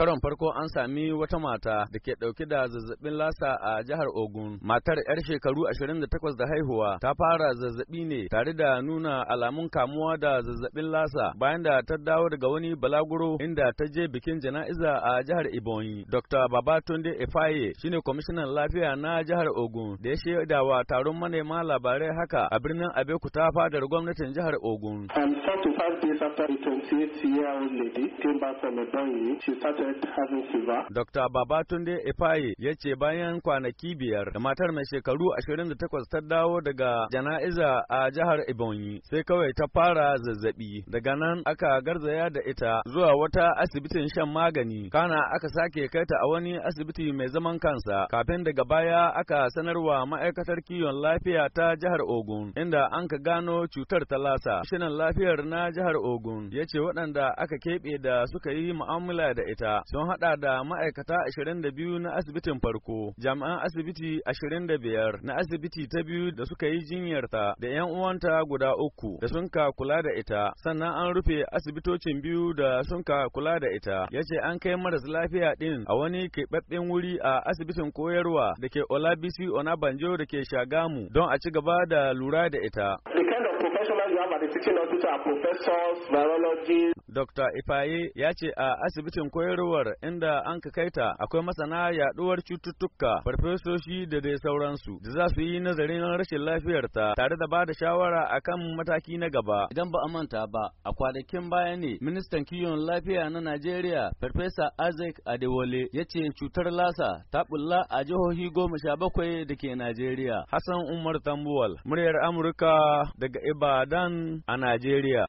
Karon farko an sami wata mata da ke ɗauke da zazzabin lasa a jihar Ogun. Matar 'yar shekaru 28 da haihuwa ta fara zazzabi ne tare da nuna alamun kamuwa da zazzabin lasa bayan da ta dawo daga wani balaguro inda ta je bikin jana'iza a jihar Ebonyi. Dr. Babatunde Efaye shine kwamishinan lafiya na jihar Ogun da ya shaida wa taron manema labarai haka a birnin Abeokuta fadar gwamnatin jihar Ogun. And days after the 28 year old lady came back from she Dr. Babatunde Efaye ya ce bayan kwanaki biyar da matar mai shekaru 28 ta dawo daga jana'iza a jihar Ebonyi sai kawai ta fara zazzabi. Daga nan aka garzaya da ita zuwa wata asibitin shan magani. Kana aka sake kai ta a wani asibiti mai zaman kansa kafin daga baya aka sanarwa ma'aikatar kiwon lafiya ta jihar Ogun inda an ka gano cutar ta lasa. Shinan lafiyar na jihar Ogun ya ce waɗanda aka keɓe da suka yi mu'amala da ita sun hada da ma'aikata 22 na asibitin farko, jami'an asibiti 25 na asibiti ta biyu da suka yi jinyarta da 'yan uwanta guda uku da sun ka kula da ita, sannan an rufe asibitocin biyu da sun ka kula da ita. Ya ce an kai maras lafiya din a wani keɓaɓɓen wuri a asibitin koyarwa da ke Olabisi Onabanjo da ke Shagamu don a ci gaba da lura da ita. The kind Dr. Ifaye ya ce a asibitin koyarwar inda an ka ta, akwai masana yaduwar cututtuka, farfesoshi da dai sauransu da za su yi nazarin rashin lafiyarta tare da ba da shawara akan mataki na gaba. Idan ba a manta ba, a kwanakin baya ne ministan kiwon lafiya na Najeriya Farfesa Isaac Adewole, ya ce cutar lasa ta bulla a jihohi goma sha bakwai da ke Najeriya. Hassan Umar Tambuwal, muryar Amurka daga Ibadan a Najeriya.